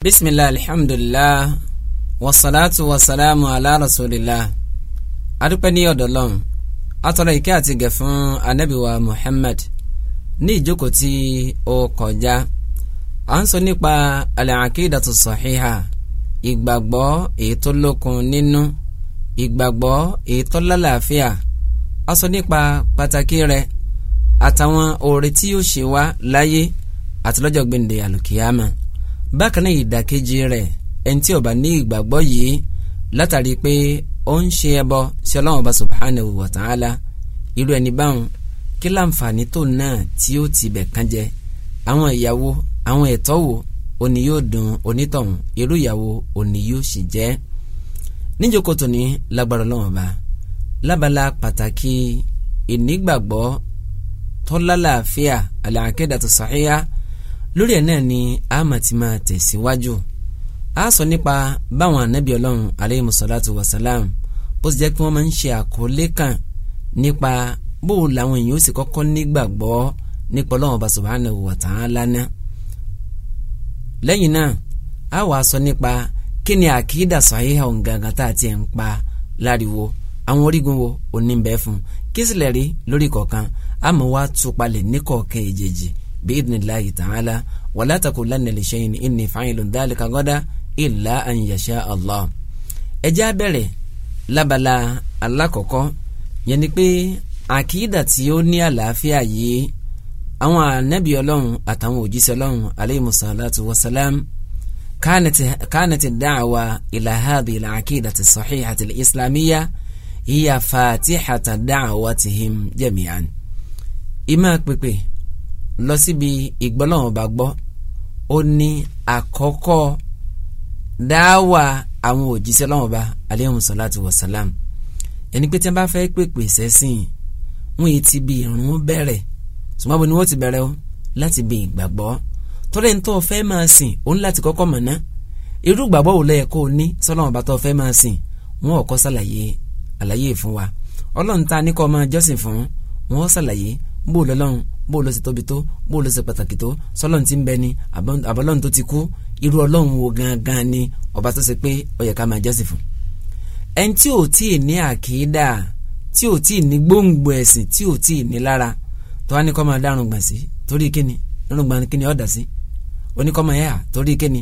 bisimilah alhamdulilah wasalaatu wasalaamu ala rasulillah adúpẹ́ ní ọ̀dọ̀ Ọlọ́run atọ́rọ ìkẹ́ àti gẹ̀ fún anabiwa Muhammad ní ìjókòó tí ó kọjá à ń sọ nípa al-aqidatu sahiha ìgbàgbọ́ èyí tó lókun nínú ìgbàgbọ́ èyí tó lálàáfíà a sọ nípa pàtàkì rẹ̀ àtàwọn oore tí láyé àti lọ́jọ́ gbẹ̀ǹde àlùkìyàmá bákan náà ìdàkejì rẹ̀ ẹni tí ó bá ní ìgbàgbọ́ yìí látàrí pé ó ń ṣe ẹbọ sí Ọlọ́run Ọba subhanahu wa ta'ala irú ẹni báwọn kí láǹfààní tó náà tí ó ti bẹ̀ kán jẹ àwọn ìyàwó àwọn ẹ̀tọ́ wo òní yóò dùn onítọ̀hún irú ìyàwó òní yóò sì jẹ́ níjókòó tòní lágbára Ọlọ́run Ọba lábala pàtàkì ìnígbàgbọ́ tọ́lálàáfíà al-aqidatu sahiha lórí ẹ̀ náà ni àmà ti máa tẹ̀síwájú a sọ nípa báwọn ànábì ọlọ́run aleyhi musalatu wa salam bó ti jẹ́ kí wọ́n máa ń ṣe àkọlé kan nípa bó làwọn èèyàn ó sì kọ́kọ́ nígbàgbọ́ nípa ọlọ́run ọba subhanahu wa ta'ala ná lẹ́yìn náà a wàá sọ nípa kí ni àkídà sàhíhà òǹgangan tá a ti ń pa láriwo àwọn orígun wo oníbẹ̀ fún kí sílẹ̀ rí lórí kọ̀ọ̀kan àmọ́ wàá tú palẹ̀ ní kọ̀ọ̀kan èjèèjì bi'idhnillahi ta'ala wala taqulanna li shay'in inni fa'ilun dhalika ghadan illa an yasha Allah. ẹ jẹ́ á bẹ̀rẹ̀ lábala alákọ̀ọ́kọ́ yẹn ni pé àkìdá tí ó ní àlàáfíà yìí àwọn ànábì ọlọ́run àtàwọn òjíṣẹ́ ọlọ́run alayhimu salatu wa salam كانت الدعوة إلى هذه العقيدة الصحيحة الإسلامية هي فاتحة دعوتهم جميعا ìmá pèpè lọ síbi ìgbọ́lọ́wọ́n bá gbọ́ ó ní àkọ́kọ́ dáwà àwọn òjíṣẹ́ lọ́wọ́n bá alayhimu salatu wa salam ẹni pé tí wọ́n bá fẹ́ pèpè sẹ́sìn wọn yìí ti bi ìrun bẹ̀rẹ̀ sùmọ́bù ni wọ́n ti bẹ̀rẹ̀ o láti bi ìgbàgbọ́ tọ́lẹ̀ ní tó o fẹ́ máa sìn òun láti kọ́kọ́ mọ̀ ná irú ìgbàgbọ́ wò lẹ́yẹ kó o ní sọ́lọ́wọ́n bá tó fẹ́ máa sìn wọn ò kọ́ sàlàyé àlàyé fún wa ọlọ́run ta ní kọ́ máa jọ́sìn fún wọn sàlàyé bó lọ́lọ́run bó ló ṣe tóbi tó bó ló ṣe pàtàkì tó sọlọ́n ti ń bẹ ni àbọ̀lọ́n tó ti kú irú ọlọ́run wo gangan ni ọba tó ṣe pé ó yẹ ká máa jọ́sìn fún. ẹni tí ò tí ì ní àkídà tí ò tí ì ní gbòǹgbò ẹ̀sìn tí ò tí ì ní lára tó wá ní kọ́ máa dárun gbọ̀n sí torí kíni irun gbọ̀n kíni ọ̀dà sí oníkọ́mọ yà torí kíni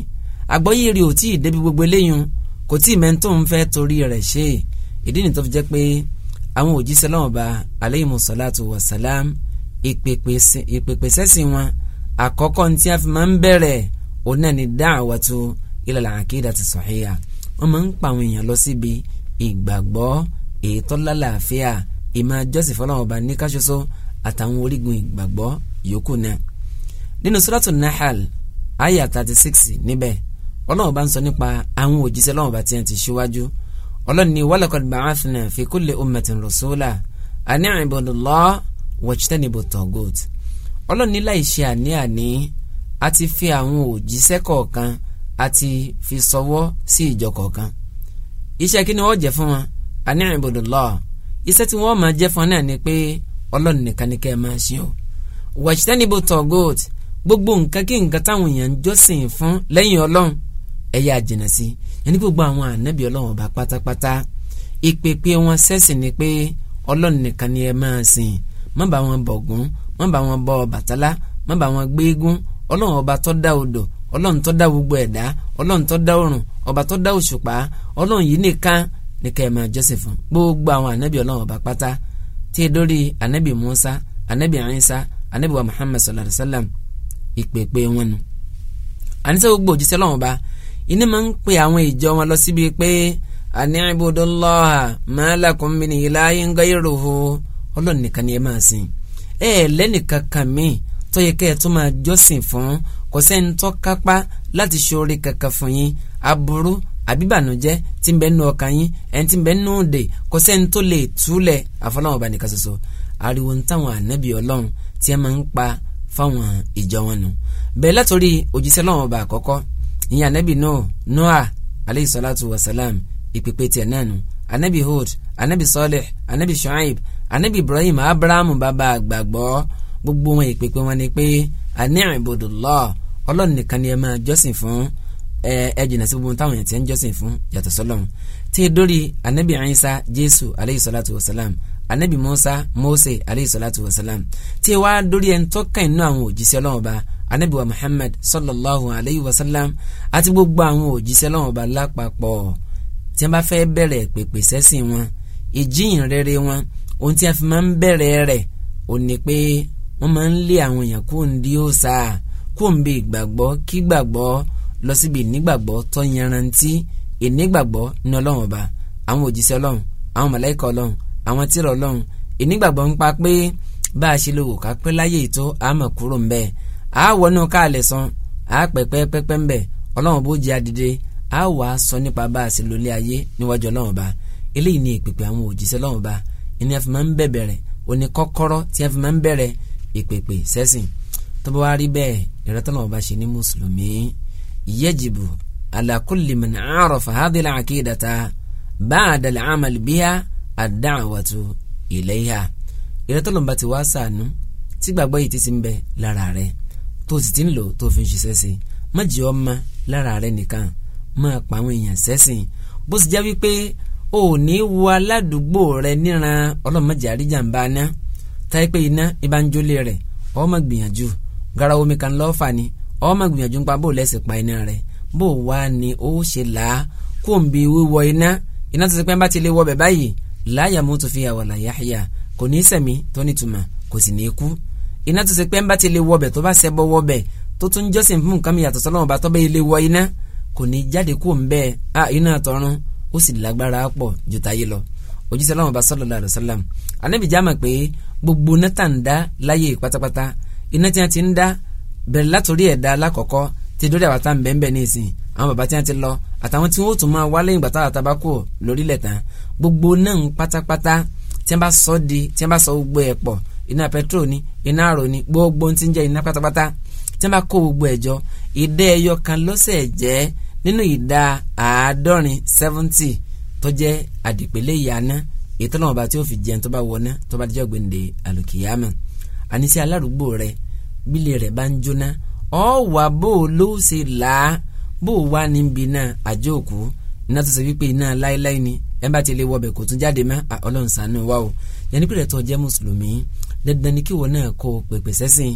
àgbọ́yé rí ò tí débi gbogbo eléyìí kò tí mẹ́ńtò ń fẹ́ torí rẹ̀ ṣe ìdí nìtọ́ fi jẹ́ pé àwọn òjíṣẹ́ lọ́wọ́ bá aleyhimu ìpèpè sẹ́sìn wọn àkọ́kọ́ tí a fi máa ń bẹ̀rẹ̀ òun náà ni dáàwàtú ilal aqidati sahiha wọ́n máa ń pa àwọn èèyàn lọ síbi ìgbàgbọ́ ètò lálàáfíà ìmọ̀ fọlọ́wọ́n ọba ní káṣoṣo àtàwọn orígun ìgbàgbọ́ yòókù náà nínú suratul Nahl àyà thirty six níbẹ̀ ọlọ́wọ́n bá ń sọ nípa àwọn òjíṣẹ́ ọlọ́wọ́n bá tiẹ̀ ti ṣíwájú ọlọ́ni walaqad ba'athna fi kulli ummatin rasula ani ibudullaha wajtanibu tagut ọlọ́run ní láì àní-àní a ti fi àwọn òjíṣẹ́ kọ̀ọ̀kan a ti fi sọwọ́ sí ìjọ kọ̀ọ̀kan iṣẹ́ kí ni wọ́n jẹ́ fún wọn àní ibudullah iṣẹ́ tí wọ́n máa jẹ́ fún wọn náà ni pé ọlọ́run nìkan ni kẹ́ ẹ máa ṣe o wajtanibu tagut gbogbo nǹkan kí nǹkan táwọn èèyàn ń jọ́sìn fún lẹ́yìn ọlọ́run ẹ̀yà àjìnà sí ẹni gbogbo àwọn ànábì ọlọ́run ọba pátápátá ìpèpè wọn sẹ́sìn ni pé ọlọ́run nìkan ni ẹ máa sìn má bá wọn bọ̀gún má bá wọn bọ Ọbàtálá má bá wọn gbé eégún ọlọ́run ọba tó dá odò ọlọ́run tó dá gbogbo ẹ̀dá ọlọ́run tó dá oòrùn ọba tó dá òṣùpá ọlọ́run yìí nìkan nìkan ẹ̀ máa jọ́sìn fún gbogbo àwọn ànábì ọlọ́run ọba pátá tí ẹ dórí ànábì Musa ànábì Isa ànábì wa Muhammad sallallahu alayhi wa sallam ìpèpè wọn nu àníṣe gbogbo òjíṣẹ́ ọlọ́run ọba iná máa ń pè àwọn ìjọ wọn lọ síbi pé ani'budullaha ma lakum min ilahin ghayruhu ọlọ́run nìkan ni ẹ máa sìn ẹ lẹ́nìkan kan míì tó yẹ kẹ́ ẹ tún máa jọ́sìn fún kò sẹ́ni tó kápá láti ṣoore kankan fún yín aburú àbíbànújẹ́ tí ń bẹ nínú ọkàn yín ẹni tí ń bẹ nínú òde kò sẹ́ni tó lè túlẹ̀ àfọlọ́wọ́ba nìkan ṣoṣo ariwo ń táwọn ànábì ọlọ́run tí ẹ máa ń pa fáwọn ìjọ wọn nù bẹ́ẹ̀ látòrí òjíṣẹ́ ọlọ́run ọba àkọ́kọ́ ìyẹn ànábì náà noah aleyhi salatu wa salam ìpèpè tiẹ̀ náà nù ànábì hud ànábì saleh ànábì shuaib anabi ibrahim abrahamu bàbá àgbàgbọ́ gbogbo wọn ìpèpè wọn ni pé àní ibudullah ọlọ́run nìkan ni ẹ máa jọ́sìn fún ẹ ẹ jìnnà sí gbogbo táwọn èèyàn ti ń jọ́sìn fún yàtọ̀ sọ́lọ́run tí dórí anabi isa jésù aleyhi salatu wa salam anabi musa mose aleyhi salatu wa salam tí wàá dórí ẹni tó kàn inú àwọn òjíṣẹ́ ọlọ́run ọba anabi wa muhammad sallallahu alayhi wa sallam àti gbogbo àwọn òjíṣẹ́ ọlọ́run ọba lápapọ̀ tí wọ́n bá fẹ́ bẹ̀rẹ̀ pèpè sẹ́sìn wọn ìjíhìn rere wọn ohun tí a fi máa ń bẹ̀rẹ̀ rẹ̀ ò ní pé wọ́n máa ń lé àwọn èèyàn kó ń di òòṣà kó ń bè gbàgbọ́ kí gbàgbọ́ lọ síbi ìnígbàgbọ́ tó yanrantí ìnígbàgbọ́ ní ọlọ́run ọba àwọn òjíṣẹ́ ọlọ́run àwọn màláíkà ọlọ́run àwọn tírà ọlọ́run ìnígbàgbọ́ ń pa pé bá a ṣe lè wò ká pé láyé ètò àmọ̀ kúrò ń bẹ́ẹ̀ a wọnú káàlẹ̀ san a pẹ̀pẹ́ pẹ́pẹ́ ń bẹ̀ ọlọ́run bó jẹ́ adìde a wà á sọ nípa bá a ṣe lólé ayé níwájú ọlọ́run ọba eléyìí ni ìpèpè àwọn òjíṣẹ́ ọlọ́run ọba ni a fi máa ń bẹ̀bẹ̀rẹ̀ o ní kọ́kọ́rọ́ tí a fi máa ń bẹ̀rẹ̀ ìpèpè sẹ́sìn tó bá wá rí bẹ́ẹ̀ ìrẹ́tọ́nà ọba ṣe ní mùsùlùmí yẹ́jìbù ala kulli man arafa hadhihi al-aqidata ba'da al-amal biha ad-da'watu ilayha ìrẹ́tọ́nà ọba ti wá sànú tí gbàgbọ́ yìí ti ti ń bẹ lára rẹ tó sì ti ń lò tó fi ń ṣiṣẹ́ sí má jẹ́ ọmọ lára rẹ nìkan máa pa àwọn èèyàn sẹ́sìn bó sì já wípé ò ní wo aládùúgbò rẹ níran ọlọ́mọdé àríjàmbá ná táyé pé iná ìbánjólé rẹ ó gbìyànjú gara omi kan lọ́ọ́ fà ni ó máa gbìyànjú ń pa bó lẹ́sìn pa iná rẹ bó wá ni ó ṣe là á kó ń bi wíwọ iná iná tó ti pẹ́ ń bá ti lè wọ bẹ̀ báyìí láyà mú tó fi yà wàlà yáhìyà kò ní í sẹ̀mí tó nítumọ̀ kò sì ní í kú iná tó ti pẹ́ ń bá ti lè wọ bẹ̀ tó bá ṣẹbọ wọ bẹ̀ tó tún jọ́sìn fún nǹkan mi yàtọ̀ sọ́lọ́mọba tó bẹ́ẹ̀ lè wọ iná kò ní jáde kó ń bẹ́ẹ̀ a iná tọrun ó sì lágbára pọ̀ ju táyé lọ òjíṣẹ́ ọlọ́run ọba sallallahu alaihi wasallam anábì jámà pé gbogbo nẹ́tà ń dá láyé pátápátá iná tí wọ́n ti ń dá bẹ̀rẹ̀ látòrí ẹ̀dá alákọ̀ọ́kọ́ ti dórí àwọn tá à ń bẹ́ẹ̀ bẹ́ẹ̀ ní ìsìn àwọn bàbá tí wọ́n ti lọ àtàwọn tí wọ́n tún máa wá lẹ́yìn gbàtà àtàbákò lórílẹ̀ tán gbogbo náà pátápátá tí wọ́n bá sọ di tí wọ́n bá sọ gbogbo ẹ̀ pọ̀ iná pẹtrol ni iná àrò ni gbogbo ti ń jẹ́ iná pátápátá tí wọ́n bá kó gbogbo ẹ̀ jọ ìdẹ́ ẹyọ kan lọ́sẹ̀ jẹ́ nínú ìdá àádọ́rin seventy tó jẹ́ àdìpẹ́lẹ́ ìyáná ètò náà bá tí ó fi jẹun tó bá wọná tó bá dijọ́ gbẹ̀ǹde àlùkìyámà àníṣe aládùúgbò rẹ bílẹ̀ rẹ bá ń jóná ọ wà bó o ló ṣe là á bó o wà níbi náà àjọ òkú iná tó ṣe wípé iná láéláé ni ẹ bá ti lè wọbẹ̀ kó tún jáde mọ́ ọlọ́run ṣàánú wa o yẹn nípìnlẹ̀ tó jẹ́ mùsùlùmí dandan ni kí wọn náà kó pèpè sẹ́sìn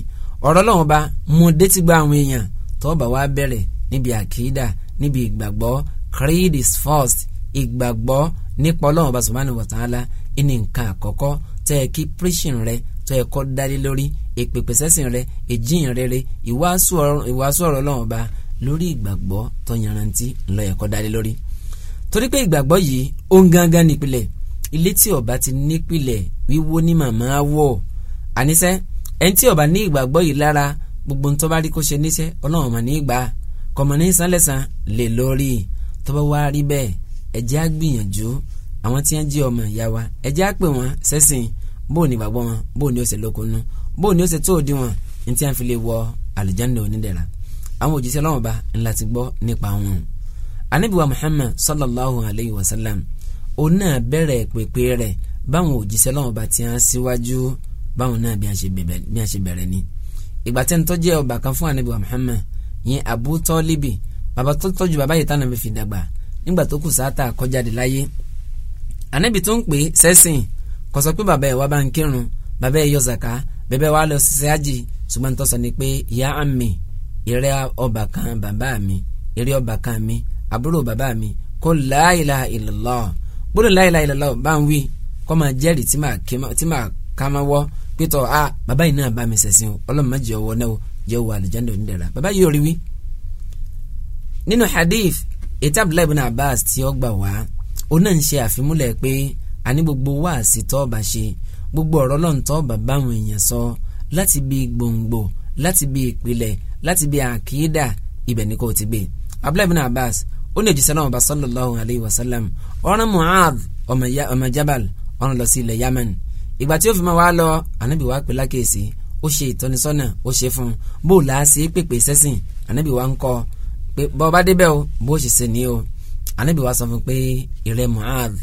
ọ̀rọ̀ ọlọ́run bá mú dé ti gba àwọn èèyàn tó bá wá bẹ̀rẹ̀ níbi àkídà níbi ìgbàgbọ́ creed is first ìgbàgbọ́ nípa ọlọ́run ọba subhanahu wa ta'ala ìní nǹkan àkọ́kọ́ tẹ́ ẹ kí preaching rẹ tẹ́ ẹ kọ́ dálé lórí ìpèpèsẹ́sìn rẹ ìjìyàn rere ìwàásù ọ̀rọ̀ ọlọ́run ọba lórí ìgbàgbọ́ tó yanrantí ńlọ ẹ̀kọ́ dálé lórí. torí pé ìgbàgbọ́ yìí ó ń gángan nípìlẹ̀ ilé tí ọba ti nípìlẹ̀ wíwó ní màmá wọ̀ àníṣẹ́ ẹni tí ọba ní ìgbàgbọ́ yìí lára gbogbo ń tó bá rí kó ṣe níṣẹ́ ọlọ́run mà ní ìgbà kọ̀mọ̀ní sálẹ̀sà lè lórí tọ́ba wá rí bẹ́ẹ̀ ẹ̀jẹ̀ á gbìyànjú àwọn tí wọ́n jẹ́ ọmọ ìyá wa ẹ̀jẹ̀ á pè wọ́n sẹ́sìn bóò ní bàbá wọn bóò ní ó ṣe lókunú bóò ní ó ṣe tó di wọn ní tí wọ́n fi lè wọ àlùjánnà onídẹ̀ra àwọn òjíṣẹ́ Ọlọ́run Ọba ńlá ti gbọ́ nípa wọn. anábìwá Muhammad sallallahu alayhi wa sallam òun náà bẹ̀rẹ̀ pèpè rẹ̀ báwọn òjíṣẹ́ Ọlọ́run Ọba ti hàn síwájú báwọn náà bí a ṣe bẹ̀rẹ̀ ni. ìgbà tẹ́ntọ́jẹ́ ọba kan fún anábìwá Muhammad yẹn Abu Tọ́líbì bàbá tó tọ́jú bàbá yìí tánà mi fi dàgbà nígbà tó kù sáátà kọjáde láyé ànábì tó ń pè é sẹ́sìn kò sọ pé bàbá ẹ̀ wá bá ń kírun bàbá ẹ̀ yọ zàká bàbá ẹ̀ wá lọ ṣiṣẹ́ ájì ṣùgbọ́n ń tọ́sọ ni pé ìyá àmì ìrẹ́ ọba kan bàbá mi ìrẹ́ ọba kan mi àbúrò bàbá mi kó la ilaha illallah gbọ́dọ̀ la ilaha illallah bá ń wí kọ́ máa jẹ́rìí tí màá ká máa wọ́ pétọ́ a ah, bàbá yìí náà bá mi ṣẹ̀sìn ọlọ́run ọwọ́ náà jẹ́ wà àlùjáde onídàra bàbá yìí rí wí. nínú hadith ètò abdullahi ibn abbas tí ó gbà wá ó náà ń ṣe àfimúlẹ̀ pé àní gbogbo wáàsí tó bá ṣe gbogbo ọ̀rọ̀ náà tó bá báwọn èèyàn sọ láti bí gbòǹgbò láti bí ìpìlẹ̀ láti bí àkídà ibẹ̀ ni kò ti gbé abdullahi ibn abbas ó ní òjíṣẹ́ náà ọba sallallahu alayhi wa sallam ọ̀ràn mu'adh ọmọ jabal ọ̀ràn lọ sí ilẹ̀ yaman ìgbà tí ó fi máa wá lọ ànábì wá pè ó ṣe ìtọ́nisọ́nà ó ṣe fún un bó là á ṣe é pèpè sẹ́sìn ànábì wa ń kọ́ pé bọ́ bá débẹ̀ o bó ṣe ṣe ní o ànábì sọ fún pé ìrẹ́ Mu'adh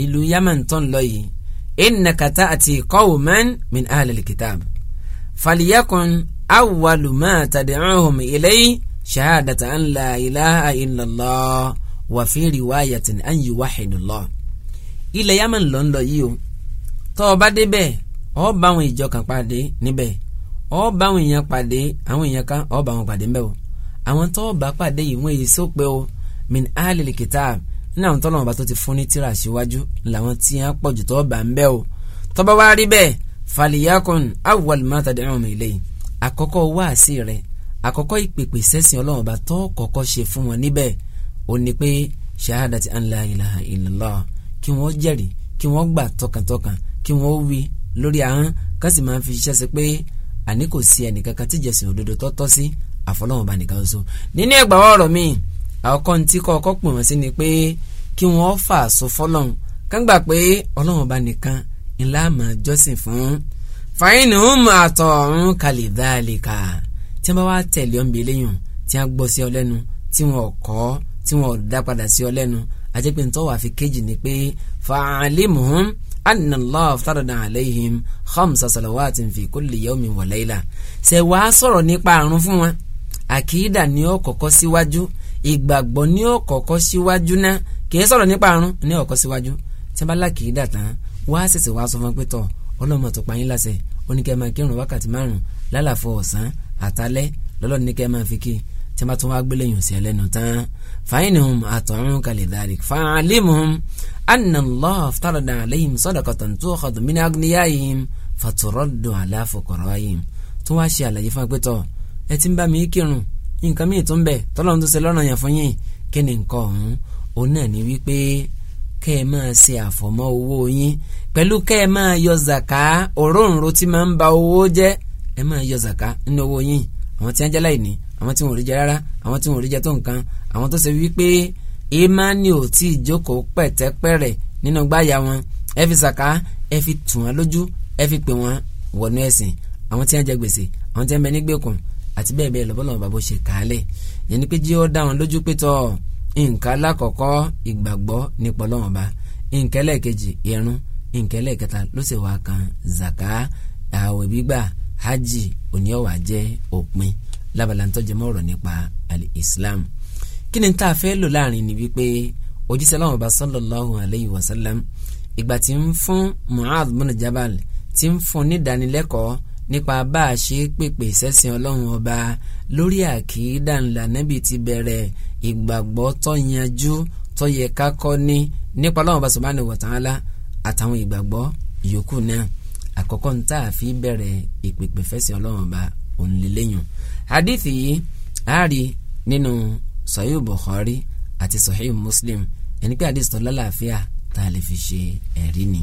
ìlú Yaman tó ń lọ yìí innaka ta'ti qawman min ahlil kitab falyakun awwalu ma tad'uhum ilayhi shahadata an la ilaha illallah wa fi riwayatin an yuwahhidullah ilẹ̀ Yaman ló ń lọ yìí o tọ́ ọ bá débẹ̀ ọ bá àwọn ìjọ kan pàdé níbẹ̀ ọ bá àwọn èèyàn pàdé àwọn èèyàn kan ọ bá àwọn pàdé níbẹ̀ o àwọn tó bá pàdé yìí wọ́n èyí sópe o min alil kitab ní àwọn tọ́lọ́wọ́n bá tó ti fún ní tíra síwájú làwọn tí wọ́n pọ̀ jù tó bá ń bẹ́ o tó bá wá rí bẹ́ẹ̀ faliyakun awwal ma tad'uhum ilayhi àkọ́kọ́ wáàsí rẹ̀ àkọ́kọ́ ìpèpè sẹ́sìn ọlọ́run bá tó kọ́kọ́ ṣe fún wọn níbẹ̀ ó ní pé shahadati an la ilaha kí wọ́n jẹ́rìí kí wọ́n gbà tọkàntọkàn kí wọ́n wí lórí ahọ́n ká sì máa fi ṣiṣẹ́ sí pé àní kò sí ẹnìkankan tí ìjọsìn òdodo tó sí àfọlọ́wọn bá nìkan so nínú ẹgbà ọ̀rọ̀ mi àkọ́kọ́ tí kọ́kọ́ pè wọ́n sí ni pé kí wọ́n fà so fọlọ́n kángbà pé ọlọ́wọ́n bá nìkan ńlá máa jọ́sìn fún fàyínì ń mọ àtọ̀ ọ̀run kalẹ̀ dáàlìkà tí wọ́n bá wá tẹ̀lé ọ̀nbí eléyìn tí wọ́n gbọ́ sí ọ lẹ́nu tí wọ́n kọ́ tí wọ́n dá padà sí ọ lẹ́nu àjẹpẹ́ ntọ́ wà fi kéjì ni pé fàálímù anna allah aftarada alayhim khamsa salawatin fi kulli yawmin wa layla ṣe wàá sọ̀rọ̀ nípa àrùn fún wa àkìídà ni ó kọ́kọ́ síwájú ìgbàgbọ́ ni ó kọ́kọ́ síwájú náà kìí sọ̀rọ̀ nípa àrùn ni ó kọ́kọ́ síwájú tí bá lákìídà tán wàá ṣẹ̀ṣẹ̀ wàá sọ fún pé tọ̀ ọlọ́mọ tó pa yín láṣẹ oníkẹ́ máa kírun wákàtí márùn lálàfo ọ̀sán àtàlẹ́ lọ́lọ́ni kẹ́ máa fi kí tí bá tún wá gbélé yùn sí ẹlẹ́nu tán fàyínihùn àtọ̀run kalẹ̀ dàrí fàálímùhùn anàlọ́ àfitàrọ̀dà àlẹ́yìn sọ́dọ̀kọ̀tàn tó ọ̀kọ̀tàn mí ní agniya yìí fàtúrọ̀dù àláfọkọ̀rọ̀ yìí tó wá ṣe àlàyé fún agbẹ́tọ̀ ẹ ti ń bá mi kírun nǹkan míì tó ń bẹ tọ́lọ́run tó ṣe fún yín kí nǹkan ọ̀hún òun náà ni wípé kẹ́ ẹ máa ṣe àfọ̀mọ́ owó yín pẹ̀lú kẹ́ ẹ máa yọ zàká òróǹro tí máa ń ba owó jẹ́ ẹ máa yọ zàká nínú owó yín àwọn tí wọ́n jẹ́ láìní àwọn tí wọn ò rí jẹ rárá àwọn tí wọn ò rí jẹ tó nǹkan àwọn tó ṣe wípé emmanuel ò tí ì jókòó pẹ̀tẹ́pẹ̀rẹ̀ nínú gbáyà wọn ẹ fi sàká ẹ fi tù wọn lójú ẹ fi pè wọn wọnú ẹ̀sìn àwọn tí wọn jẹ gbèsè àwọn tí wọn bẹ nígbèkùn àti bẹ́ẹ̀ bẹ́ẹ̀ lọ́bọ́lọ́wọ́ bàbá ṣe kàálẹ̀ yẹn ni pé jí ó dá wọn lójú pé tọ́ nǹkan alákọ̀ọ́kọ́ ìgbàgbọ́ nípa Ọlọ́hun Ọba nǹkan ẹlẹ́ẹ̀kejì ìrun ló sì wá kan zaka ààwẹ̀ gbígbà hajj òní ọ̀wà jẹ́ òpin lábala tó jẹmọ́ nípa al-Islam kí ni tá a fẹ́ lò láàrin ni wípé òjíṣẹ́ láwọn ọba sallallahu alayhi wa sallam ìgbà tí ń fún Mu'adh bin Jabal tí ń fún nídánilẹ́kọ̀ọ́ nípa bá a ṣe pèpè sẹ́sìn ọlọ́run ọba lórí àkìídà ńlá nẹ́bì ti bẹ̀rẹ̀ ìgbàgbọ́ tó yanjú tó yẹ ká kọ́ ní nípa ọlọ́run ọba subhanahu wa àtàwọn ìgbàgbọ́ yòókù náà àkọ́kọ́ ń tá fi bẹ̀rẹ̀ ìpèpè fẹ́sìn ọlọ́run ọba òun hadith yìí àárí nínú sahih bukhari àti sahih muslim ẹni pé hadith tó lálàáfíà tá a lè fi ṣe ẹ̀rí ni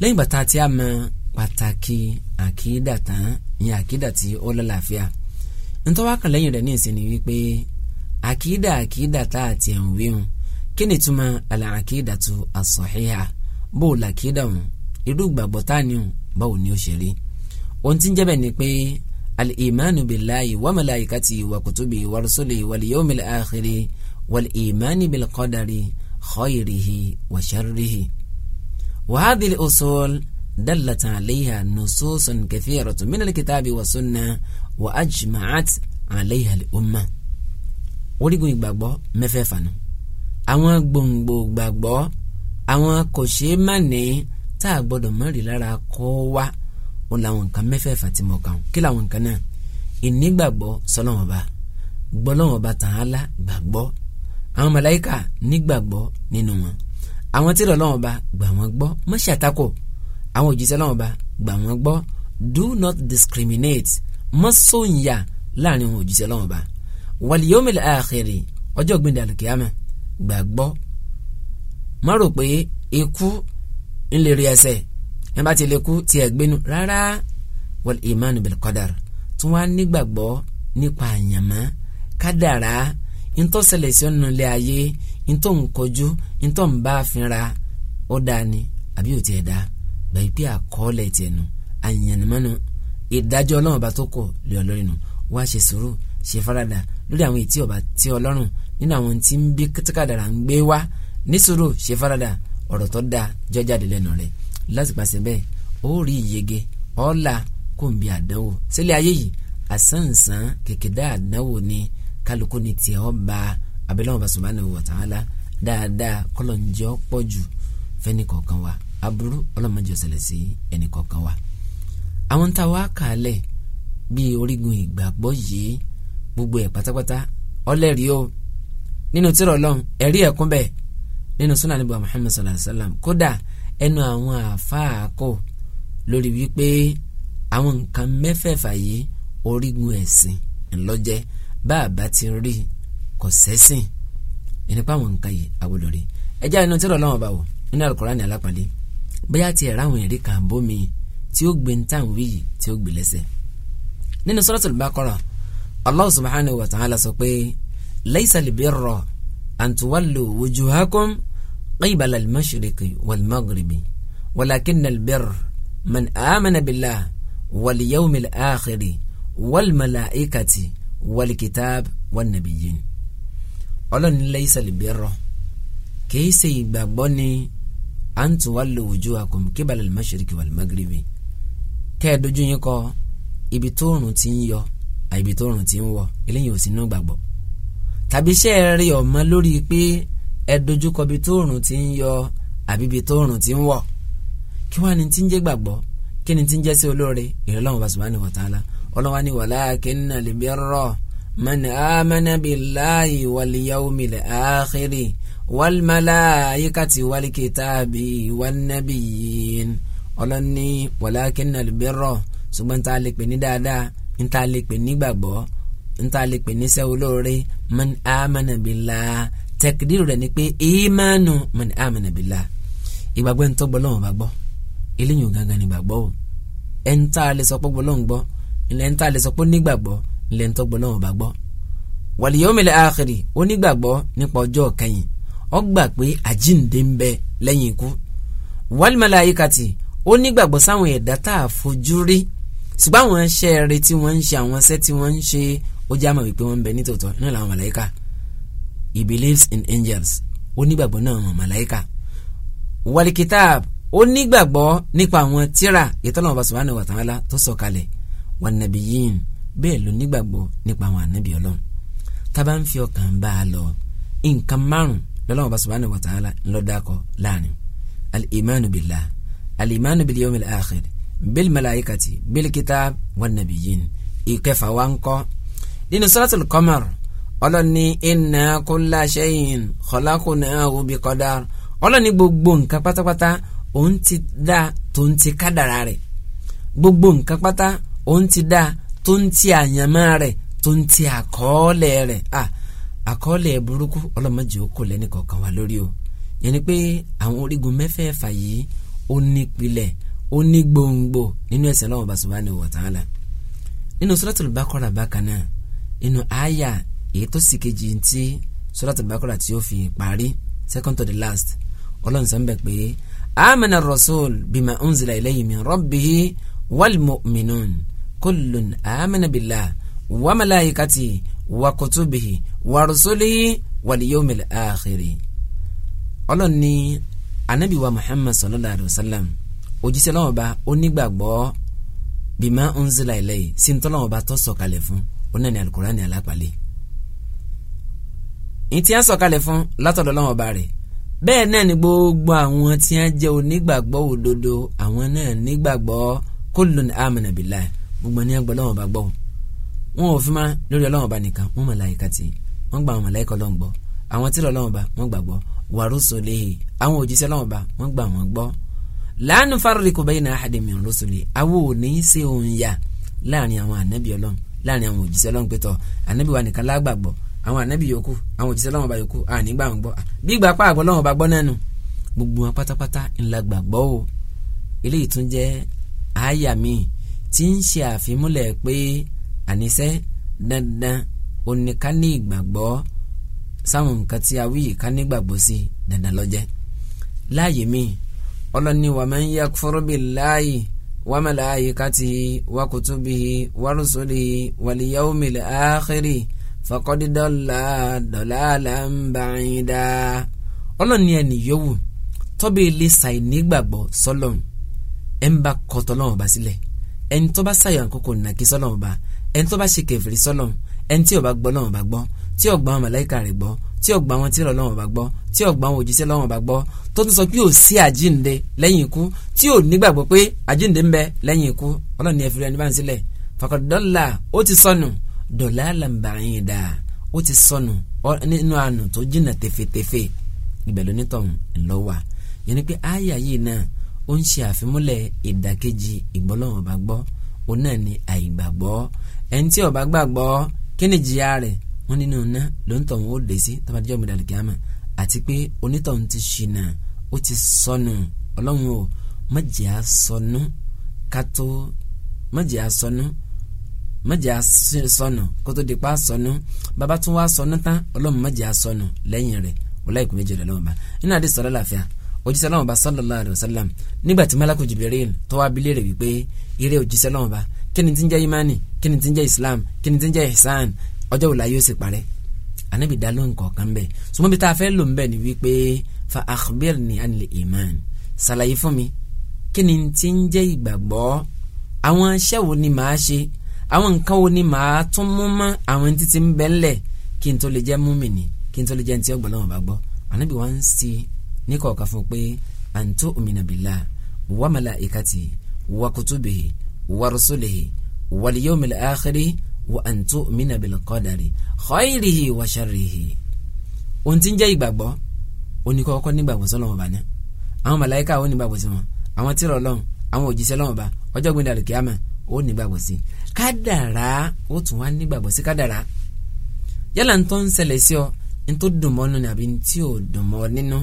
lẹ́yìn bàtà tí a mọ pàtàkì àkídà tán ní àkídà tí ó lálàáfíà nítorí wákà lẹ́yìn rẹ̀ ní ìsìn ni wípé àkídà àkídà tá a ti ń wíhun kí ni túmọ̀ àlàákídà tu as-sahiha bó o làkídà hùn irú ìgbàgbọ́ tá a ní hùn báwo ni ó ṣe rí ohun tí ń jẹ́ bẹ́ẹ̀ ni pé al-imanu billahi wa malaikati wa kutubi wa rusuli wal yawmil akhiri wal imani bil qadari khayrihi wa sharrihi. wa hadhihi al-usul دلت عليها نصوص كثيرة من الكتاب والسنة وأجمعت عليها الأمة orígun ìgbàgbọ́ mẹ́fẹ̀ẹ̀fà nù àwọn gbòǹgbò gbàgbọ́ àwọn kò ṣeé má ní tá a gbọ́dọ̀ má rí lára kó wá wọn làwọn nǹkan mẹ́fẹ̀ẹ̀fà tí mo kà wọn kí làwọn nǹkan náà ìnígbàgbọ́ sọlọ́wọ́n ọba gbọ́lọ́wọ́n ọba Ta'ala gbàgbọ́ àwọn màláíkà nígbàgbọ́ nínú wọn àwọn tí lọ́wọ́n gbà wọ́n gbọ́ má ṣàtakò àwọn òjíṣẹ́ lọ́wọ́n gbà wọ́n gbọ́ do not discriminate má sóyìnyà láàrin wọn òjíṣẹ́ lọ́wọ́n ọba wal yawmil akhiri ọjọ́ gbẹ̀ndẹ̀ àlùkìyàmà gbàgbọ́ má rò pé ikú ńlẹ̀ ẹ bá ti lè kú tiẹ̀ gbénu rárá wal imanu bil tí wọ́n á nígbàgbọ́ nípa àyàmá kádàrá ntọ́ ṣẹlẹ̀ ọ̀nà ilé ayé ntọ́ nkọjú ntọ́ nbá fínra ó dáa ni àbí ò tiẹ̀ dáa bẹ́ẹ̀ pé àkọọ́lẹ̀ tiẹ̀ nu àyànmánu ìdájọ́ ọlọ́run bá tó kọ̀ lé ọlọ́rin nu wá ṣe sùúrù ṣe faradà lórí àwọn ètí ọba tí ọlọ́run nínú àwọn tí ń bí kátàkàdàrà ń gbé wá ní sùúrù ṣe faradà ọ̀rọ̀ tó dáa jọjáde lẹ́nu rẹ̀ lásìpàṣẹ bẹ́ẹ̀ ó rí ìyege ọ̀la kò ń bi àdánwò sílẹ̀ ayé yìí àsánsán kèkédá àdánwò ni kálukú ni tiẹ̀ ọ́ ba abẹ́lẹ́wọ̀n bá subhanahu wa ta'ala dáadáa kọ́lọ̀ ń jẹ́ ọ́ pọ̀ jù fẹ́ni kọ̀ọ̀kan wa aburú ọlọ́mọdé ọ̀sẹ̀lẹ̀ sí ẹnì kọ̀ọ̀kan wa. àwọn tá a wá kàálẹ̀ bíi orígun ìgbàgbọ́ yìí gbogbo ẹ̀ pátápátá ọlẹ́rì o nínú tírọ̀ Ọlọ́run ẹ̀rí ẹ̀kún bẹ́ẹ̀ nínú sunan níbo Muhammad sallallahu alayhi wa sallam kódà ẹnu àwọn àáfàá kò lórí wípé àwọn nǹkan mẹ́fẹ̀ẹ̀fà yìí orígun ẹ̀sìn ńlọ́jẹ́ bá a bá ti rí kò sẹ́sìn ìnípa àwọn nǹkan yìí àgbọ̀dọ̀ rí ẹjẹ́ àìní tẹ́lọ̀ lọ́wọ́ bá wò nínú Al-Qur'ani alápàdé bóyá tiẹ̀ ráwọn ẹ̀rí kan bómi tí ó gbé ntàn wíyì tí ó gbé lẹ́sẹ̀ nínú Suratul Baqara Allah subhanahu wa ta'ala sọ pé laysa al-birra an tuwallu wujuhakum قبل المشرق والمغرب ولكن البر من آمن بالله واليوم الآخر والملائكة والكتاب والنبيين ọlọ́ni lẹ́yìísà lè bẹ̀rọ̀ kìí ṣe ìgbàgbọ́ ni à ń tún wá lò ojú akọ̀m kíbalẹ̀ al-mashriqi wal-maghribi kẹ́ẹ̀dójú yín kọ ibi tóòrùn ti ń yọ àìbi tóòrùn ti ń wọ̀ eléyìí ò sí inú gbàgbọ́ tàbí ṣe é rí ọmọ lórí pé ẹ dojúkọ bí tóòrùn ti ń yọ àbí bí tóòrùn ti ń wọ̀ kí wàá ní ti ń jẹ́ gbàgbọ́ kí ni ti ń jẹ́ sí olóore ìrọ̀lọ́wọ́ bá subhanahu wa ta'ala ọlọ́wà ni walakinna al-birra man amana billahi wal yawmil akhiri wal malaikati wal kitabi wan nabiyyin ọlọ́ni walakinna al-birra ṣùgbọ́n tá a lè pè ní dáadáa ń tá lè pè ní gbàgbọ́ ń tá lè pè ní sẹ́ olóore man amana billahi tẹkidiru rẹ̀ ni pé ìmánu mọ̀ni amana billah ìgbàgbọ́ ẹni tó gbọ́ lọ́wọ́ bá gbọ́ eléyìí ò gangan ni gbàgbọ́ o ẹni tá a lè sọ pé gbọ́lọ́wọ́ gbọ́ ilẹ̀ ẹni tá a lè sọ pé nígbàgbọ́ ilẹ̀ ẹni tó gbọ́ lọ́wọ́ bá gbọ́ wal yawmil akhiri ó nígbàgbọ́ nípa ọjọ́ kẹyìn ó gbà pé àjíǹde ń bẹ lẹ́yìn ikú wal malaikati ó nígbàgbọ́ sáwọn ẹ̀dá tá a fojú rí ṣùgbọ́n àwọn iṣẹ́ rere wọ́n ń ṣe àwọn iṣẹ́ tí wọ́n ń ṣe ó já mọ̀ wípé wọ́n ń bẹ nítòótọ́ náà làwọn màláíkà he believes in angels ó nígbàgbọ́ náà mọ̀ màláìka wàlìkítàb ó nígbàgbọ́ nípa àwọn tíra ìtọ́nà ọba subhanahu wa ta'ala tó sọ̀kalẹ̀ wà nàbíyìn bẹ́ẹ̀ ló nígbàgbọ́ nípa àwọn ànábì ọlọ́run tábà ń fi ọkàn bá a lọ nǹkan márùn lọ́lọ́run ọba subhanahu wa ta'ala ńlọ́dàkọ láàrin al-imanu billah al-imanu bil yawmil akhir bil malaikati bil kitab wà nàbíyìn ìkẹfà wa ń kọ́ nínú suratul ọlọ́ni inna kulla shay'in khalaqnahu bi qadar ọlọ́ni gbogbo nǹkan pátápátá òun ti dá tó ń ti kádàrá rẹ̀ gbogbo nǹkan pátá òun ti dá tó ń ti àyànmọ́ rẹ̀ tó ń ti àkọọ́lẹ̀ rẹ̀ à àkọọ́lẹ̀ burúkú ọlọ́mọdé òkú lẹ́ni kọ̀ọ̀kan wà lórí o yẹn ni pé àwọn orígun mẹ́fẹ̀ẹ̀fà yìí ó ní pilẹ̀ ó ní gbòǹgbò nínú ẹ̀sìn Ọlọ́hun Subhanahu wa Ta'ala nínú Suratul Baqara bákan náà nínú àyà èyí tó sì kejì tí Suratul Baqara tí ó fi parí second to the last ọlọ́run sọ ń bẹ̀ pé amana ar-rasul bima unzila ilayhi min rabbihi wal mu'minun kullun amana billahi wa malaikatihi wa kutubihi wa rusulihi wal yawmil akhiri ọlọ́run ní anabi wa muhammad sallallahu alayhi wa sallam òjíṣẹ́ lọ́wọ́ bá onígbàgbọ́ bima unzila ilayhi sí bá tó sọ̀kalẹ̀ fún onáni alukurani alápàlẹ́ ní tí a sọ̀kalẹ̀ fún látọ̀dọ̀ Ọlọ́hun ọba rẹ̀ bẹ́ẹ̀ náà ni gbogbo àwọn tí a jẹ́ onígbàgbọ́ òdodo àwọn náà nígbàgbọ́ kullun amana billahi gbogbo ní agbọ́ Ọlọ́hun ọba gbọ́ wọn ò fi má lórí Ọlọ́hun ọba nìkan wọn màláíkà tì wọn gba àwọn màláíkà Ọlọ́hun gbọ́ àwọn tí Ọlọ́hun ọba wọn gbàgbọ́ wa rusulihi àwọn òjíṣẹ́ Ọlọ́hun ọba wọn gbà wọn gbọ́ la nufarriqu àwọn ànábì yòókù àwọn òjíṣẹ́ lọ́wọ́n bá yòókù ànígbà wọn gbọ́ bí ìgbà pa àgbọ̀ lọ́wọ́n bá gbọ́ náà nù gbogbo wọn pátápátá ńlá gbàgbọ́ o eléyìí tún jẹ́ àyà mi tí ń ṣe àfimúlẹ̀ pé àníṣẹ́ dandan oníká ìgbàgbọ́ sáwọn nǹkan tí a wí yìí ká nígbàgbọ́ sí dandan ló láàyè mi ọlọ́ni wa man yakfuru billahi wa malaikatihi wa kutubihi wa rusulihi wal yawmil akhiri fọkọ́dí dọ́là dọ́là là ń bá yín dá ọlọ́ni ẹni yòówù tọ́bí ilé ṣàì nígbàgbọ́ sọ́lọ́n ẹ̀ ń bá kọ́tọ́ lọ́wọ́ bá sílẹ̀ ẹni tó bá ṣàyọ̀ àkókò nàkí sọ́lọ́wọ́ bá ẹni tó bá ṣe kẹfìrí sọ́lọ́n ẹni tí ò bá gbọ́ lọ́wọ́ bá gbọ́ tí ò gbọ́ àwọn màláíkà rẹ̀ gbọ́ tí ò gbọ́ àwọn tí Ọlọ́run bá gbọ́ tí ò gbọ́ òjíṣẹ́ Ọlọ́run bá gbọ́ tó tún sọ pé ò sí àjínde lẹ́yìn ikú tí ò nígbàgbọ́ pé àjínde ń bẹ lẹ́yìn ikú ọlọ́ni ẹ̀fìrí ẹni bá ń sílẹ̀ fàkọ̀dọ́là ó ti sọnù dọ̀làlà bàyìndà ó ti sọnù nínú àánú tó jìnnà tẹ̀fẹ̀tẹ̀fẹ̀ ibẹ̀ ló nítọ̀hún lọ́wà yẹn ni pé àyà yìí náà ó ń ṣe àfimúlẹ̀ ìdàkejì ìgbọ́lọ́wọ́n bá gbọ́ òun náà ni àìgbàgbọ́ ẹni tí ó bá gbàgbọ́ kí ni jìyà rẹ̀ wọ́n nínú iná ló ń tọ̀hún ó dé sí tábàdíjọ́ ìmọ̀dàlẹ̀ kíámà àti pé onítọ̀hún ti ṣìnà ó ti sọnù ọlọ́run ò má jẹ́ àsọnù ká tó mọ̀jẹ̀ asọnù kótó dípa asọnù bàbá tún wá sọnù tán ọlọ́run mọ̀jẹ̀ asọnù lẹ́yìn rẹ̀ wọlé ìkú méjì lọ́wọ́ bá nínú àdé sọ̀rọ̀ láàfíà òjíṣẹ́ lọ́wọ́ bá sallallahu alaihi wasallam nígbà tí malako Jibril tó wá bi léèrè wípé eré òjíṣẹ́ lọ́wọ́ bá kíni tí ń jẹ́ imani kíni tí ń jẹ́ islam kíni tí ń jẹ́ ihsan ọjọ́ wo la yóò sì parẹ́ anabi dá lóhùn kọ̀ọ̀kan bẹ́ẹ̀ sùgbọ́n bí tá a fẹ́ lò ń bẹ́ẹ̀ ni wípé fa akhbirni anil iman ṣàlàyé fún mi kíni tí ń jẹ́ ìgbàgbọ́ àwọn iṣẹ́ ni màá ṣe àwọn nǹkan wo ni màá tún mú mọ́ àwọn títí ń bẹ ńlẹ̀ kí n tó lè jẹ́ múmìnì kí n tó lè jẹ́ ntí ọgbọ̀n náà bá gbọ́ ànábì wọn si ní fún pé àǹtó òmìnira bìlà wà màlà ìkàtì wà kùtùbì wà rùsùlì wà lìyẹ́ òmìnira àkèrè wà àǹtó òmìnira bìlà kọ́dàrí khairihi wà sharrihi. ohun tí ń jẹ́ ìgbàgbọ́ oníkọ́kọ́ nígbàgbọ́ sọ́lọ́wọ́ bá ná àwọn màláíkà ó nígbàgbọ́ sí ó nígbàgbọ́ sí kádàrá ó tún wá nígbàgbọ́ sí kádàrá yálà ń tó ń ṣẹlẹ̀ sí ọ ń tó dùn mọ́ nínú àbí tí ò dùn mọ́ nínú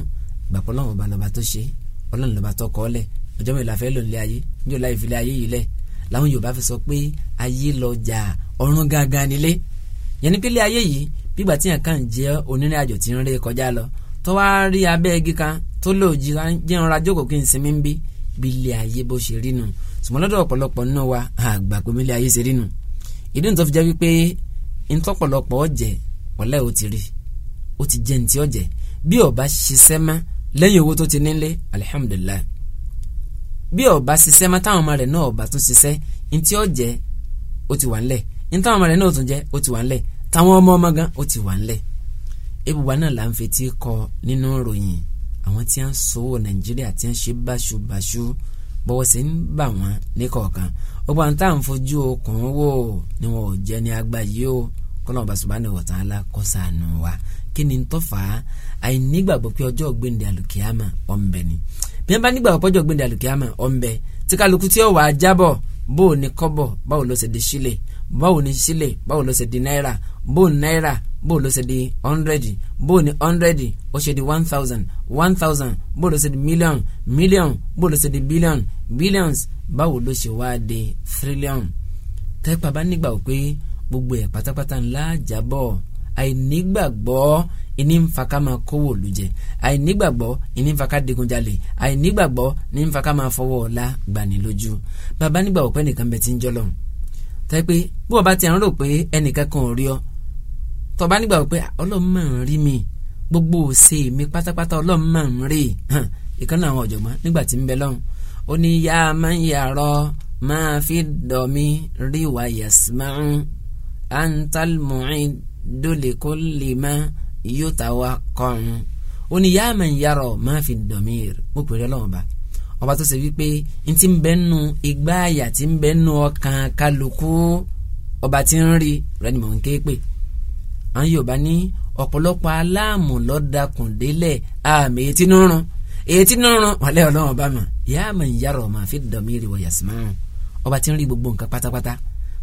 gbàpọ̀ lọ́wọ́ ọba lọ́ba tó ṣe ọlọ́run lọ́ba tó kọ́ lẹ̀ ọjọ́ mi làfẹ́ lò nílé ayé níjọ́ láì fi lé ayé yìí lẹ̀ làwọn Yorùbá fi sọ pé ayé lọ́jà ọ̀run gangan nílé yẹn ní pélé ayé yìí bígbà tí yàn kàn jẹ́ onírìn àjò tí ń ré kọjá lọ tó wá rí abẹ́ igi tó lòjì jẹ́ ń ra kí n sinmi ń bí bí ilé ayé bó ṣe rí nù ṣùgbọ́n lọ́dọ̀ ọ̀pọ̀lọpọ̀ nínú wa àgbà pé ayé ṣe rí nu ìdí nìtọ́ fi jẹ́ wípé ntọ́pọ̀lọpọ̀ ọ̀jẹ̀ wọlé o ti rí o ti jẹ́ ntí ọ̀jẹ̀ bí ọba ṣiṣẹ́ mọ́ lẹ́yìn owó tó ti nílé alihamudulilayi bí ọba ṣiṣẹ́ mọ́ táwọn ọmọ rẹ̀ náà ọba tún ṣiṣẹ́ ntí ọ̀jẹ̀ o ti wà ńlẹ̀ ntáwọn ọmọ rẹ̀ náà tún jẹ́ o ti wà ńlẹ̀ táwọn ọmọ ọmọ gan o ti wà ńlẹ̀ ebùwà náà là ń fetí kọ nínú ìròyìn àwọn tí a ń sòwò Nàìjíríà tí a ń ṣe báṣubàṣu bọ́wọ́ sì ń bà wọ́n níkọ̀ọ̀kan gbogbo àwọn tá à ń fojú okùn wò ni wọn ò jẹ́ ní àgbà yìí o kọ́nà Subhanahu wa Ta'ala kó ṣàánú wa kí ni tó fà á àìnígbàgbọ́ pé ọjọ́ gbèǹde àlùkìyàmà ọ̀nbẹ ni bí wọ́n bá nígbàgbọ́ pé ọjọ́ gbèǹde àlùkìyàmà ọ̀nbẹ tí kálukú tí ó wà á jábọ̀ bó o ní kọ́bọ̀ báwo ló ṣe di sílẹ̀ báwo ni sílẹ̀ báwo ló ṣe di náírà bó náírà bó ló ṣe di hundred bó ni hundred ó ṣe di one thousand one thousand bó ló ṣe di million million bó ló ṣe di billion billions báwo ló ṣe wá di trillion tẹ́pà bá nígbà pé gbogbo ẹ̀ pátápátá ńlá jábọ̀ àìnígbàgbọ́ ìní nfaka máa kówó olùjẹ àìnígbàgbọ́ ìní nfaka digunjalè àìnígbàgbọ́ ní nfaka máa fọwọ́ ọ̀la gbani lójú bàbá nígbà òpẹ́ nìkan bẹ ti ń jọlọ́run tẹ́ pé bí wọ́n bá ti ń rò pé ẹnìkan kan ò rí ọ tọ́ bá nígbà wò pé ọlọ́run máa ń rí mi gbogbo òsè mi pátápátá ọlọ́run máa ń rí ìkànnì àwọn ọ̀jọ̀gbọ́n nígbà tí ń bẹ lọ́hùn ó ní yá máa ń yàrá máa fi dọ̀mí rí wa yasma'u antal mu'in dole kó lè má yóò ta wa kọ́run ó ní yá máa ń yàrá máa fi dọ̀mí mo pèrè ọlọ́run bá ọba tó ṣe wípé ntí ń bẹ nù igbá àyà tí ń bẹ nù ọkàn kálukú ọba tí ń rí rẹ ni mò ń ké pè àwọn Yorùbá ní ọ̀pọ̀lọpọ̀ aláàmù lọ́dàkùn délẹ̀ àmì etí nírun etí nírun wàlẹ́ ọlọ́run ọba mọ̀ yá mà ń yára ọmọ àfi dọ̀mí rè wọ̀ yàsí márùn ọba tí ń rí gbogbo nǹkan pátápátá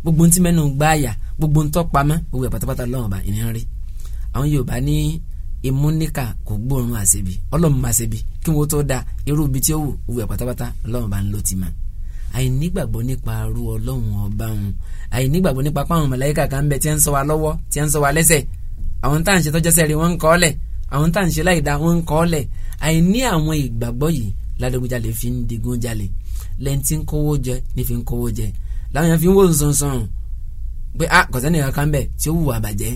gbogbo ntí mẹ́nu gbá àyà gbogbo ntọ́ pamọ́ gbogbo ẹ̀ pátápátá ọlọ́run ọba ìní ń rí àwọn Yorùbá ní ìmúníkà kò gbóòórùn àṣebi ọlọ́run máa ṣebi kí wọ́n tó da irú ibi tí ó wù wù ẹ̀ pátápátá ọlọ́run bá ń lò tì máa àìnígbàgbọ́ nípa arú ọlọ́run ọba òun àìnígbàgbọ́ nípa pàwọn mọ̀lẹ́kà kan bẹ tí ń sọ wa lọ́wọ́ tí ń sọ wa lẹ́sẹ̀ àwọn tá à ń ṣe tọ́jọ́sẹ̀ rí wọ́n ń kọ́ lẹ̀ àwọn tá à ń ṣe láìda wọ́n ń kọ́ lẹ̀ àìní àwọn ìgbàgbọ́ yìí ládógúnjalè fi ń digun jalè lẹ́ǹtí ń kówó jẹ ní fi ń kówó jẹ láwọn yẹn fi ń wò nsonson pé a ah, kọ̀sẹ́nìkan kan bẹ̀ tí ó wù àbàjẹ́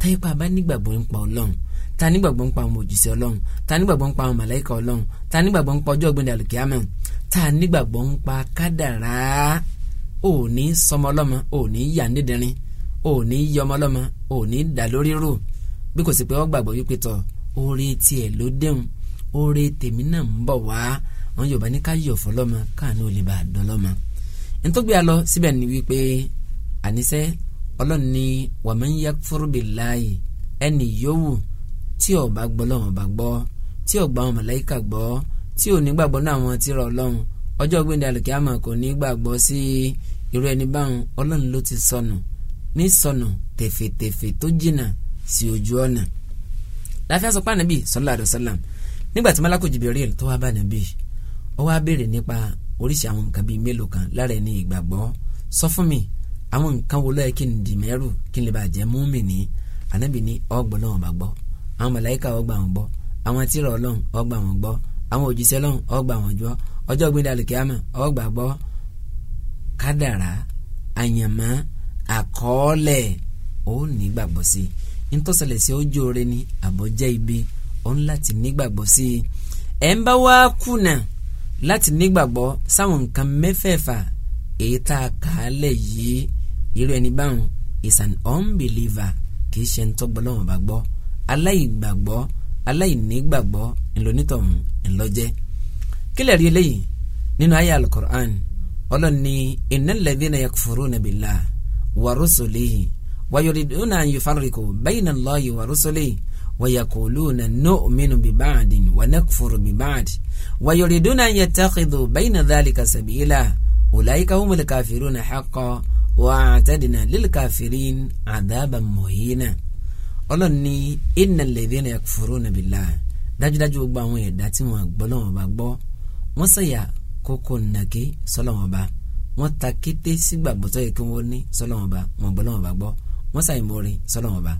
táyípa bá nígbàgbọ́ nípa ọlọ́run ta nígbàgbọ́ ń pa àwọn òjíṣẹ́ ọlọ́run ta nígbàgbọ́ ń pa àwọn màláìka ọlọ́run ta nígbàgbọ́ ń pa ọjọ́ ọ̀gbìn dàlùkìámẹ́ ta nígbàgbọ́ ń pa kádàrá òní sọmọlọ́mọ òní yàndídìrín òní yọmọlọ́mọ òní dàlórírò bí kò sì pé ó gbàgbọ́ wípé tọ̀ oore tiẹ̀ ló déhùn oore tèmi náà ń bọ̀ wá àwọn Yorùbá ní ká yọ̀ fọlọ́mọ káàánú ò lè bá a dọ́lọ́mọ ntọ́gbé alọ síbẹ̀ ni wípé àníṣe ọlọ́run wàmẹ́yẹ fúrúbìláyì ẹnì yòówù tí ò bá gbọ́ lọ́wọ́n bá gbọ́ tí ò gba àwọn màláíkà gbọ́ tí ò ní gbàgbọ́ náà àwọn tí rọ ọlọ́run ọjọ́ gbẹ̀ndẹ̀ àlùkìyàmà kò ní gbàgbọ́ sí irú ẹni báwọn ọlọ́run ló ti sọnù ní sọnù tẹ̀fẹ̀tẹ̀fẹ̀ tó jìnnà sí ojú ọ̀nà láfíà sọ pàànàbì sallallahu alaihi wasallam nígbà tí malako Jibril tó wá bá nàbì ó wá béèrè nípa oríṣi àwọn nǹkan bíi mélòó kan lára ẹni ìgbàgbọ́ sọ fún mi àwọn nǹkan wo ló kí n dì mẹ́rù kí n lè bàjẹ́ mùmínì ànábì ní ọgbọ́n náà bá àwọn màláíkà ó gbà wọ́n gbọ́ àwọn tírà Ọlọ́run ó gbà wọ́n gbọ́ àwọn òjíṣẹ́ Ọlọ́run ó gbà wọ́n ọjọ́ gbẹ̀dẹ̀ àlùkìyàmà gbọ́ kádàrá àyànmọ́ àkọọ́lẹ̀ ó nígbàgbọ́ sí i ntọ́sẹ̀lẹ̀ sí ojú oore ni àbọ̀jẹ́ ibi ó ń láti nígbàgbọ́ sí i ẹ̀ ń bá wá kùnà láti nígbàgbọ́ sáwọn nǹkan mẹ́fẹ̀ẹ̀fà èyí tá a kà á lẹ̀ yìí irú ẹni báwọn is an unbeliever kì í ṣe ń tọ́gbọ́ lọ́wọ́ bá gbọ́ aláìgbàgbọ́ aláìnígbàgbọ́ ńlọnítọ̀hún ńlọjẹ́ kílẹ̀ rí eléyìí nínú àyá alukur'an ọlọ́ni innal ladhina yakfuruna billahi wa rusulihi wa yuriduna an yufarriqu bayna Allahi wa rusulihi wa yaquluna nu'minu biba'din wa nakfuru biba'din wa yuriduna an yattakhidhu bayna dhalika sabila ulaika humul kafiruna haqqan wa a'tadna lil kafirin 'adaban ọlọ́run ní innal ladhina yakfuruna billah dájúdájú gbogbo àwọn ẹ̀dá tí wọ́n gbọ́ lọ́wọ́ bá gbọ́ wọ́n sẹ̀yà kókó nàké sọ́lọ́wọ́n bá wọ́n ta kété sígbàgbọ́ tó yẹ kí wọ́n ní sọ́lọ́wọ́n bá wọ́n gbọ́ lọ́wọ́ bá gbọ́ wọ́n sàyìn mọ́rin sọ́lọ́wọ́n bá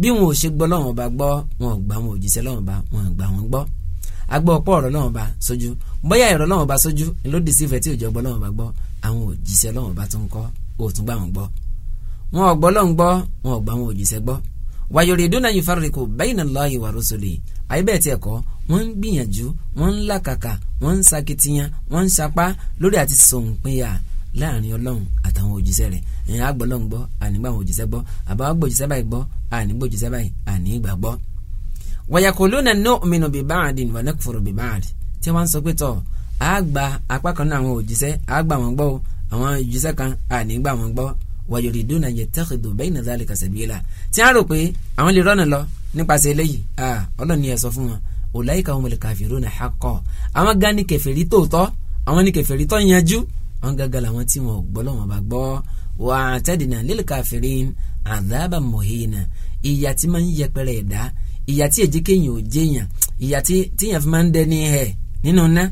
bí wọn ò ṣe gbọ́ lọ́wọ́n bá gbọ́ wọn ò gbà wọn òjíṣẹ́ lọ́wọ́n bá wọn ò gbà wọn gbọ́ agbọ́ ọ̀pọ̀ ọ̀rọ̀ lọ́wọ́n bá sójú wayoriduna yufarriqu bayna Allahi wa rusuli àyè bẹ́ẹ̀ tiẹ̀ kọ́ wọ́n ń gbìyànjú wọ́n ń làkàkà wọ́n ń sakitiyan wọ́n ń sapá lórí àti sòǹpinya láàrin ọlọ́run àtàwọn òjíṣẹ́ rẹ̀ ẹ̀yìn agbọ́lọ́run gbọ́ ànígbà àwọn òjíṣẹ́ gbọ́ àbá gbòjíṣẹ́ báyìí gbọ́ ànígbà òjíṣẹ́ báyìí ànígbà gbọ́. wayakuluna nu'minu bi ba'din wa nakfuru bi ba'd tí wọ́n sọ pé tọ́ àgbà apá kan náà àwọn òjíṣẹ́ àgbà wọn gbọ́ àwọn òjíṣẹ́ kan ànígbà wọn gbọ́ wàyòrìdúnà yẹtẹ́kìdù bẹ́yìn nàdàlẹ́ kàṣẹ́bíyẹ́lá tí a rò pé àwọn lè rọ́nà lọ nípasẹ̀ eléyìí ọlọ́ni ẹ̀ sọ fún wọn ọ̀làyíkà wọn lè kàfìrú nà hakọ́ àwọn gan ni kẹfẹ́rí tòótọ́ àwọn ni kẹfẹ́rí tó yanjú àwọn gàgà làwọn tí wọn gbọ́ lọ́wọ́n bá gbọ́ wà á tẹ́dínà lílẹ̀ kàfìrí àdábà mọ̀hìnà ìyà tí máa ń yẹpẹrẹ ẹ̀dá ìyà tí èjì ò jéèyàn ìyà tí tíyàn fi máa ń dẹni ẹ̀ nínú ná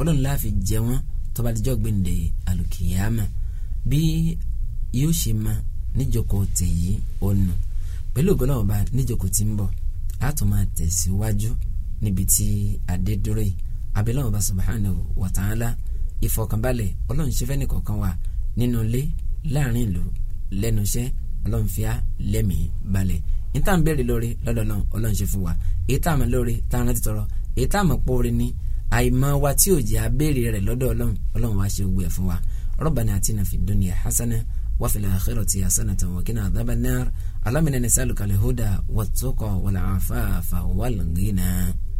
ọlọ́run láàfin jẹ wọn tọ́ba díjọ́ gbẹ̀ǹdẹ̀ alùkìyàmà bíi yóò ṣe máa níjòkó tèyí ọ̀nà pẹ̀lú ògbọ́nà ọba níjòkó tí ń bọ̀ á tún máa tẹ̀síwájú níbi tí adé dúró yìí abẹ́lẹ́ ọba subhanahu wa ta'ala ìfọkànbalẹ̀ ọlọ́run ṣe fẹ́ni kọ̀ọ̀kan wà nínú ilé láàrin ìlú lẹ́nu iṣẹ́ ọlọ́run fi á lẹ́mìí balẹ̀ níta ń bẹ̀rẹ̀ lórí lọ́dọ̀ náà ọlọ́run ṣe fún wa èyí tá a mọ̀ lórí tá a rántí mọ̀ pòórè ni àìmọ̀ wa tí ò jẹ́ abéèrè rẹ̀ lọ́dọ̀ ọlọ́run ọlọ́run wa ṣe gbé ẹ̀ fún wa rabbana atina fid dunya hasana وفي الآخرة حسنة وقنا عذاب النار اللهم إنا نسألك الهدى والتقى والعفاف والغنى